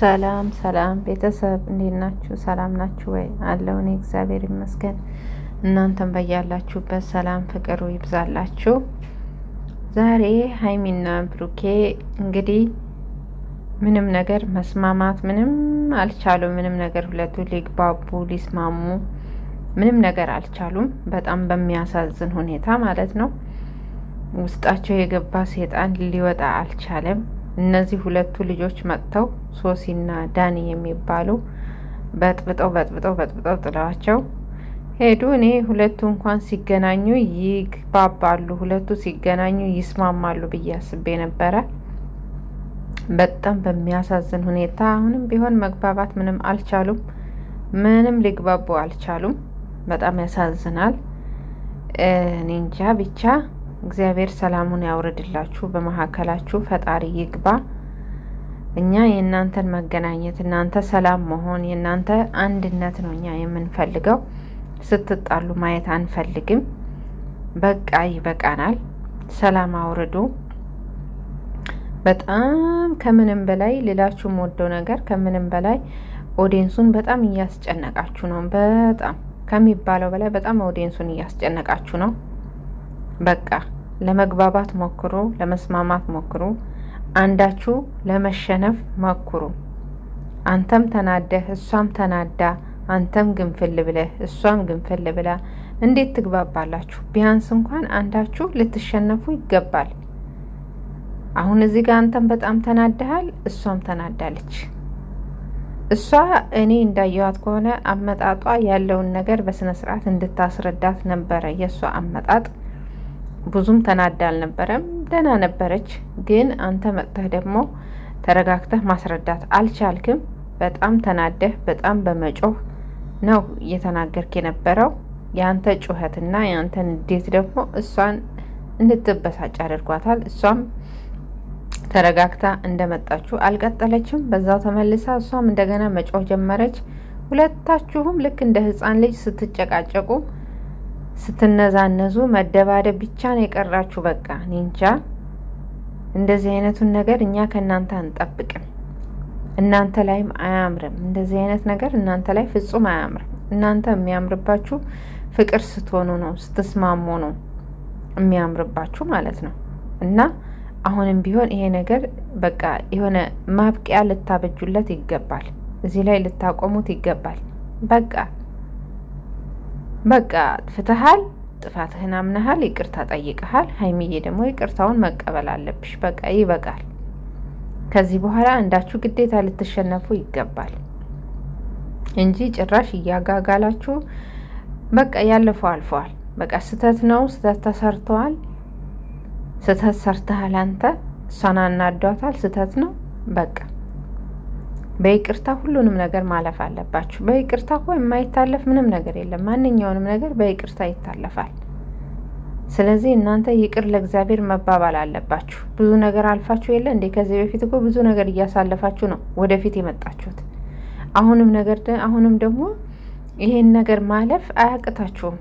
ሰላም ሰላም ቤተሰብ እንዴት ናችሁ? ሰላም ናችሁ ወይ? አለው እኔ እግዚአብሔር ይመስገን። እናንተም በያላችሁበት ሰላም ፍቅሩ ይብዛላችሁ። ዛሬ ሀይሚና ብሩኬ እንግዲህ ምንም ነገር መስማማት ምንም አልቻሉ። ምንም ነገር ሁለቱ ሊግባቡ ሊስማሙ ምንም ነገር አልቻሉም። በጣም በሚያሳዝን ሁኔታ ማለት ነው። ውስጣቸው የገባ ሴጣን ሊወጣ አልቻለም። እነዚህ ሁለቱ ልጆች መጥተው ሶሲና ዳኒ የሚባሉ በጥብጠው በጥብጠው በጥብጠው ጥለዋቸው ሄዱ። እኔ ሁለቱ እንኳን ሲገናኙ ይግባባሉ፣ ሁለቱ ሲገናኙ ይስማማሉ ብዬ አስቤ ነበረ። በጣም በሚያሳዝን ሁኔታ አሁንም ቢሆን መግባባት ምንም አልቻሉም። ምንም ሊግባቡ አልቻሉም። በጣም ያሳዝናል። እኔ እንጃ ብቻ እግዚአብሔር ሰላሙን ያውርድላችሁ፣ በመሀከላችሁ ፈጣሪ ይግባ። እኛ የእናንተን መገናኘት፣ እናንተ ሰላም መሆን፣ የእናንተ አንድነት ነው እኛ የምንፈልገው። ስትጣሉ ማየት አንፈልግም። በቃ ይበቃናል። ሰላም አውርዱ። በጣም ከምንም በላይ ሌላችሁ የምወደው ነገር ከምንም በላይ ኦዲንሱን በጣም እያስጨነቃችሁ ነው። በጣም ከሚባለው በላይ በጣም ኦዲንሱን እያስጨነቃችሁ ነው። በቃ ለመግባባት ሞክሩ፣ ለመስማማት ሞክሩ። አንዳችሁ ለመሸነፍ ሞክሩ። አንተም ተናደህ እሷም ተናዳ፣ አንተም ግንፍል ብለህ እሷም ግንፍል ብላ እንዴት ትግባባላችሁ? ቢያንስ እንኳን አንዳችሁ ልትሸነፉ ይገባል። አሁን እዚህ ጋር አንተም በጣም ተናደሃል፣ እሷም ተናዳለች። እሷ እኔ እንዳየዋት ከሆነ አመጣጧ ያለውን ነገር በስነ ስርዓት እንድታስረዳት ነበረ። የእሷ አመጣጥ ብዙም ተናዳ አልነበረም፣ ደህና ነበረች። ግን አንተ መጥተህ ደግሞ ተረጋግተህ ማስረዳት አልቻልክም። በጣም ተናደህ በጣም በመጮህ ነው እየተናገርክ የነበረው። የአንተ ጩኸትና የአንተ ንዴት ደግሞ እሷን እንድትበሳጭ አድርጓታል። እሷም ተረጋግታ እንደመጣችሁ አልቀጠለችም። በዛው ተመልሳ እሷም እንደገና መጮህ ጀመረች። ሁለታችሁም ልክ እንደ ሕፃን ልጅ ስትጨቃጨቁ ስትነዛነዙ መደባደብ ብቻ ነው የቀራችሁ። በቃ ኒንቻ እንደዚህ አይነቱን ነገር እኛ ከእናንተ አንጠብቅም። እናንተ ላይም አያምርም። እንደዚህ አይነት ነገር እናንተ ላይ ፍጹም አያምርም። እናንተ የሚያምርባችሁ ፍቅር ስትሆኑ ነው፣ ስትስማሙ ነው የሚያምርባችሁ ማለት ነው። እና አሁንም ቢሆን ይሄ ነገር በቃ የሆነ ማብቂያ ልታበጁለት ይገባል። እዚህ ላይ ልታቆሙት ይገባል። በቃ በቃ ፍትሃል ጥፋትህን አምነሃል፣ ይቅርታ ጠይቀሃል። ሀይሚዬ ደግሞ ይቅርታውን መቀበል አለብሽ። በቃ ይበቃል። ከዚህ በኋላ አንዳችሁ ግዴታ ልትሸነፉ ይገባል እንጂ ጭራሽ እያጋጋላችሁ በቃ ያለፈው አልፈዋል። በቃ ስህተት ነው፣ ስህተት ተሰርተዋል፣ ስህተት ሰርተሃል አንተ። እሷን አናዷታል። ስህተት ነው በቃ በይቅርታ ሁሉንም ነገር ማለፍ አለባችሁ። በይቅርታ እኮ የማይታለፍ ምንም ነገር የለም። ማንኛውንም ነገር በይቅርታ ይታለፋል። ስለዚህ እናንተ ይቅር ለእግዚአብሔር መባባል አለባችሁ። ብዙ ነገር አልፋችሁ የለ እንዴ? ከዚህ በፊት እኮ ብዙ ነገር እያሳለፋችሁ ነው ወደፊት የመጣችሁት። አሁንም ነገር አሁንም ደግሞ ይሄን ነገር ማለፍ አያቅታችሁም።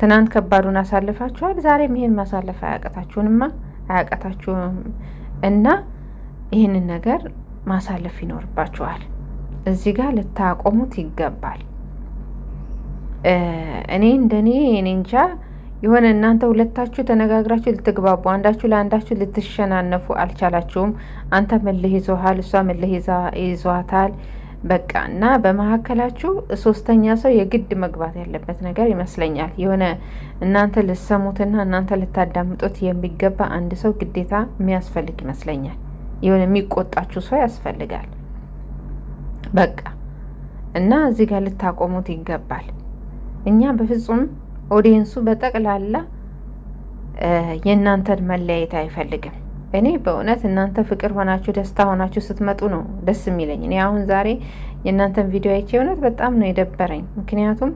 ትናንት ከባዱን አሳልፋችኋል። ዛሬም ይሄን ማሳለፍ አያቅታችሁንማ አያቅታችሁም እና ይህንን ነገር ማሳለፍ ይኖርባችኋል። እዚህ ጋር ልታቆሙት ይገባል። እኔ እንደኔ እኔ እንጃ የሆነ እናንተ ሁለታችሁ ተነጋግራችሁ ልትግባቡ፣ አንዳችሁ ለአንዳችሁ ልትሸናነፉ አልቻላችሁም። አንተ ምልህ ይዞሃል፣ እሷ ምልህ ይዟታል። በቃ እና በመካከላችሁ ሶስተኛ ሰው የግድ መግባት ያለበት ነገር ይመስለኛል። የሆነ እናንተ ልትሰሙትና እናንተ ልታዳምጡት የሚገባ አንድ ሰው ግዴታ የሚያስፈልግ ይመስለኛል። የሆነ የሚቆጣችሁ ሰው ያስፈልጋል። በቃ እና እዚህ ጋር ልታቆሙት ይገባል። እኛ በፍጹም ኦዲየንሱ በጠቅላላ የእናንተን መለያየት አይፈልግም። እኔ በእውነት እናንተ ፍቅር ሆናችሁ ደስታ ሆናችሁ ስትመጡ ነው ደስ የሚለኝ። እኔ አሁን ዛሬ የእናንተን ቪዲዮ አይቼ እውነት በጣም ነው የደበረኝ። ምክንያቱም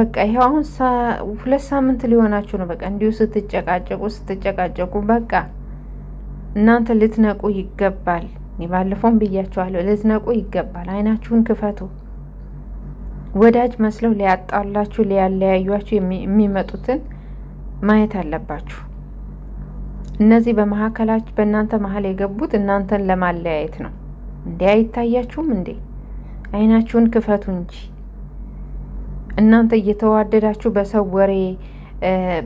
በቃ ይኸው አሁን ሁለት ሳምንት ሊሆናችሁ ነው። በቃ እንዲሁ ስትጨቃጨቁ ስትጨቃጨቁ በቃ እናንተ ልትነቁ ይገባል። ባለፈውም ብያችኋለሁ፣ ልትነቁ ይገባል። አይናችሁን ክፈቱ። ወዳጅ መስለው ሊያጣላችሁ ሊያለያዩችሁ የሚመጡትን ማየት አለባችሁ። እነዚህ በመካከላችሁ በእናንተ መሀል የገቡት እናንተን ለማለያየት ነው። እንዴ አይታያችሁም እንዴ? አይናችሁን ክፈቱ እንጂ እናንተ እየተዋደዳችሁ በሰው ወሬ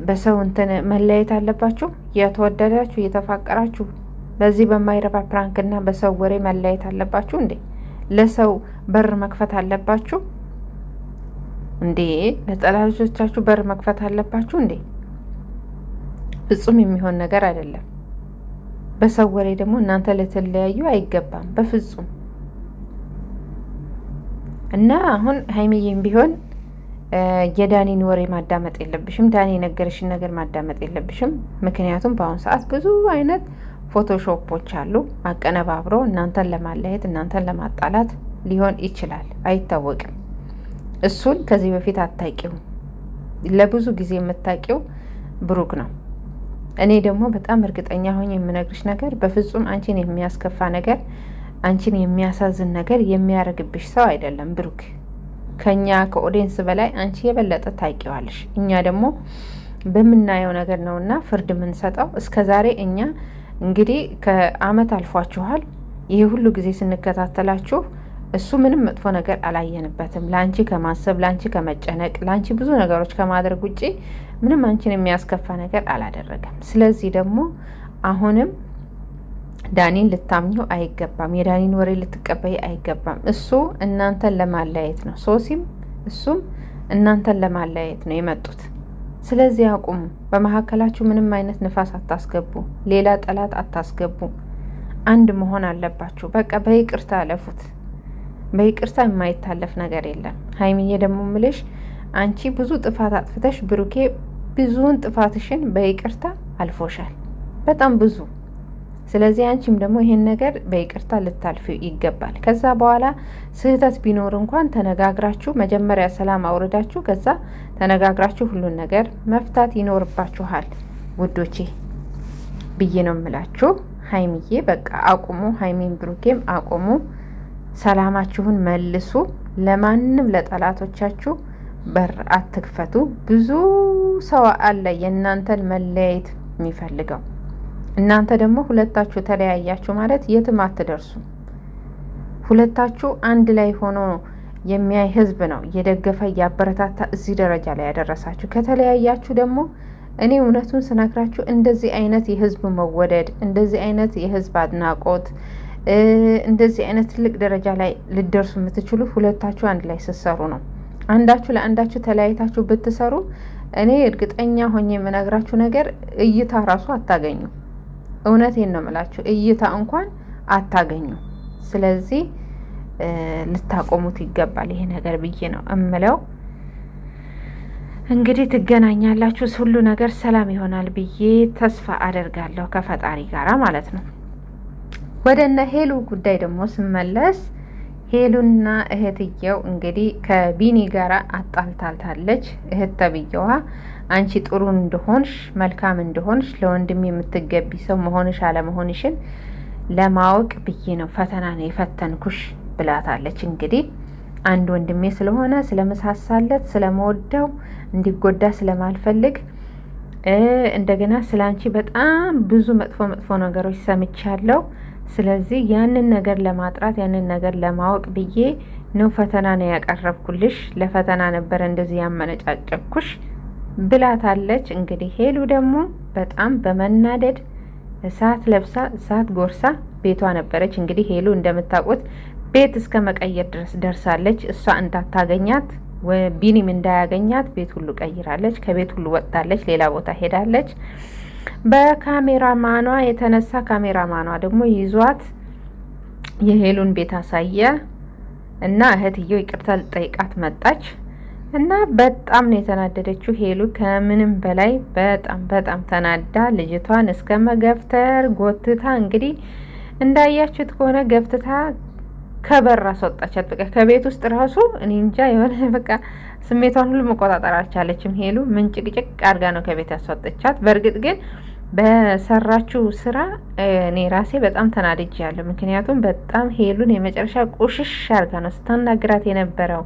በሰው እንትን መለያየት አለባችሁ። እየተወደዳችሁ እየተፋቀራችሁ በዚህ በማይረባ እና በሰው ወሬ መለያየት አለባችሁ እንዴ? ለሰው በር መክፈት አለባችሁ እንዴ? ለጠላቶቻችሁ በር መክፈት አለባችሁ እንዴ? ፍጹም የሚሆን ነገር አይደለም። በሰው ወሬ ደግሞ እናንተ ልትለያዩ አይገባም በፍጹም እና አሁን ሀይሚዬም ቢሆን የዳኒን ወሬ ማዳመጥ የለብሽም። ዳኒ የነገረሽን ነገር ማዳመጥ የለብሽም። ምክንያቱም በአሁኑ ሰዓት ብዙ አይነት ፎቶሾፖች አሉ፣ አቀነባብሮ እናንተን ለማለየት እናንተን ለማጣላት ሊሆን ይችላል፣ አይታወቅም። እሱን ከዚህ በፊት አታቂው ለብዙ ጊዜ የምታቂው ብሩክ ነው። እኔ ደግሞ በጣም እርግጠኛ ሆኜ የምነግርሽ ነገር በፍጹም አንቺን የሚያስከፋ ነገር፣ አንቺን የሚያሳዝን ነገር የሚያደርግብሽ ሰው አይደለም ብሩክ ከኛ ከኦዲየንስ በላይ አንቺ የበለጠ ታውቂዋለሽ። እኛ ደግሞ በምናየው ነገር ነውና ፍርድ የምንሰጠው። እስከ ዛሬ እኛ እንግዲህ ከአመት አልፏችኋል። ይህ ሁሉ ጊዜ ስንከታተላችሁ እሱ ምንም መጥፎ ነገር አላየንበትም። ለአንቺ ከማሰብ ለአንቺ ከመጨነቅ ለአንቺ ብዙ ነገሮች ከማድረግ ውጪ ምንም አንቺን የሚያስከፋ ነገር አላደረገም። ስለዚህ ደግሞ አሁንም ዳኒን ልታምኘው አይገባም። የዳኒን ወሬ ልትቀበይ አይገባም። እሱ እናንተን ለማለያየት ነው። ሶሲም እሱም እናንተን ለማለያየት ነው የመጡት። ስለዚህ አቁሙ። በመካከላችሁ ምንም አይነት ንፋስ አታስገቡ። ሌላ ጠላት አታስገቡ። አንድ መሆን አለባችሁ። በቃ በይቅርታ አለፉት። በይቅርታ የማይታለፍ ነገር የለም። ሀይሚዬ ደግሞ ምልሽ አንቺ ብዙ ጥፋት አጥፍተሽ ብሩኬ ብዙውን ጥፋትሽን በይቅርታ አልፎሻል። በጣም ብዙ ስለዚህ አንቺም ደግሞ ይሄን ነገር በይቅርታ ልታልፊ ይገባል። ከዛ በኋላ ስህተት ቢኖር እንኳን ተነጋግራችሁ መጀመሪያ ሰላም አውርዳችሁ ከዛ ተነጋግራችሁ ሁሉን ነገር መፍታት ይኖርባችኋል ውዶቼ ብዬ ነው የምላችሁ። ሀይሚዬ በቃ አቁሙ፣ ሀይሚን ብሩኬም አቁሙ፣ ሰላማችሁን መልሱ። ለማንም ለጠላቶቻችሁ በር አትክፈቱ። ብዙ ሰው አለ የእናንተን መለያየት የሚፈልገው እናንተ ደግሞ ሁለታችሁ ተለያያችሁ ማለት የትም አትደርሱ። ሁለታችሁ አንድ ላይ ሆኖ የሚያይ ህዝብ ነው እየደገፈ እያበረታታ እዚህ ደረጃ ላይ ያደረሳችሁ። ከተለያያችሁ ደግሞ እኔ እውነቱን ስነግራችሁ እንደዚህ አይነት የህዝብ መወደድ፣ እንደዚህ አይነት የህዝብ አድናቆት፣ እንደዚህ አይነት ትልቅ ደረጃ ላይ ልደርሱ የምትችሉ ሁለታችሁ አንድ ላይ ስትሰሩ ነው። አንዳችሁ ለአንዳችሁ ተለያይታችሁ ብትሰሩ እኔ እርግጠኛ ሆኜ የምነግራችሁ ነገር እይታ ራሱ አታገኙ። እውነቴን ነው የምላችሁ እይታ እንኳን አታገኙ። ስለዚህ ልታቆሙት ይገባል ይሄ ነገር ብዬ ነው እምለው። እንግዲህ ትገናኛላችሁ፣ ሁሉ ነገር ሰላም ይሆናል ብዬ ተስፋ አደርጋለሁ ከፈጣሪ ጋራ ማለት ነው። ወደ እነ ሄሉ ጉዳይ ደግሞ ስመለስ ሄሉና እህትየው እንግዲህ ከቢኒ ጋር አጣልታልታለች። እህት ተብየዋ አንቺ ጥሩ እንደሆንሽ መልካም እንደሆንሽ ለወንድም የምትገቢ ሰው መሆንሽ አለመሆንሽን ለማወቅ ብዬ ነው ፈተና ነው የፈተንኩሽ ብላታለች። እንግዲህ አንድ ወንድሜ ስለሆነ ስለመሳሳለት ስለመወደው እንዲጎዳ ስለማልፈልግ እንደገና ስለ አንቺ በጣም ብዙ መጥፎ መጥፎ ነገሮች ሰምቻለሁ ስለዚህ ያንን ነገር ለማጥራት ያንን ነገር ለማወቅ ብዬ ነው ፈተና ነው ያቀረብኩልሽ፣ ለፈተና ነበረ እንደዚህ ያመነጫጨኩሽ ብላታለች። እንግዲህ ሄሉ ደግሞ በጣም በመናደድ እሳት ለብሳ እሳት ጎርሳ ቤቷ ነበረች። እንግዲህ ሄሉ እንደምታውቁት ቤት እስከ መቀየር ድረስ ደርሳለች። እሷ እንዳታገኛት ቢኒም እንዳያገኛት ቤት ሁሉ ቀይራለች። ከቤት ሁሉ ወጥታለች። ሌላ ቦታ ሄዳለች። በካሜራማኗ የተነሳ ካሜራማኗ ደግሞ ይዟት የሄሉን ቤት አሳየ እና እህትየው ይቅርታ ልጠይቃት መጣች እና በጣም ነው የተናደደችው። ሄሉ ከምንም በላይ በጣም በጣም ተናዳ ልጅቷን እስከ መገፍተር ጎትታ እንግዲህ እንዳያችሁት ከሆነ ገፍትታ ከበር አስወጣቻት። በቃ ከቤት ውስጥ ራሱ እኔ እንጃ የሆነ በቃ ስሜቷን ሁሉ መቆጣጠር አልቻለችም። ሄሉ ምን ጭቅጭቅ አድርጋ ነው ከቤት ያስወጠቻት? በእርግጥ ግን በሰራችው ስራ እኔ ራሴ በጣም ተናድጅ ያለሁ። ምክንያቱም በጣም ሄሉን የመጨረሻ ቁሽሽ አድርጋ ነው ስታናግራት የነበረው።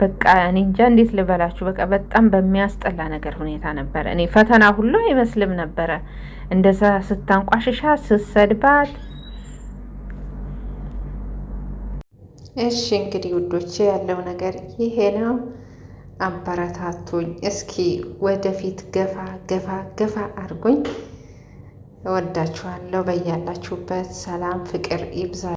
በቃ እኔ እንጃ እንዴት ልበላችሁ፣ በቃ በጣም በሚያስጠላ ነገር ሁኔታ ነበረ። እኔ ፈተና ሁሉ አይመስልም ነበረ እንደዛ ስታንቋሽሻ ስሰድባት። እሺ እንግዲህ ውዶቼ ያለው ነገር ይሄ ነው። አበረታቱኝ። እስኪ ወደፊት ገፋ ገፋ ገፋ አድርጉኝ። እወዳችኋለሁ። በያላችሁበት ሰላም ፍቅር ይብዛል።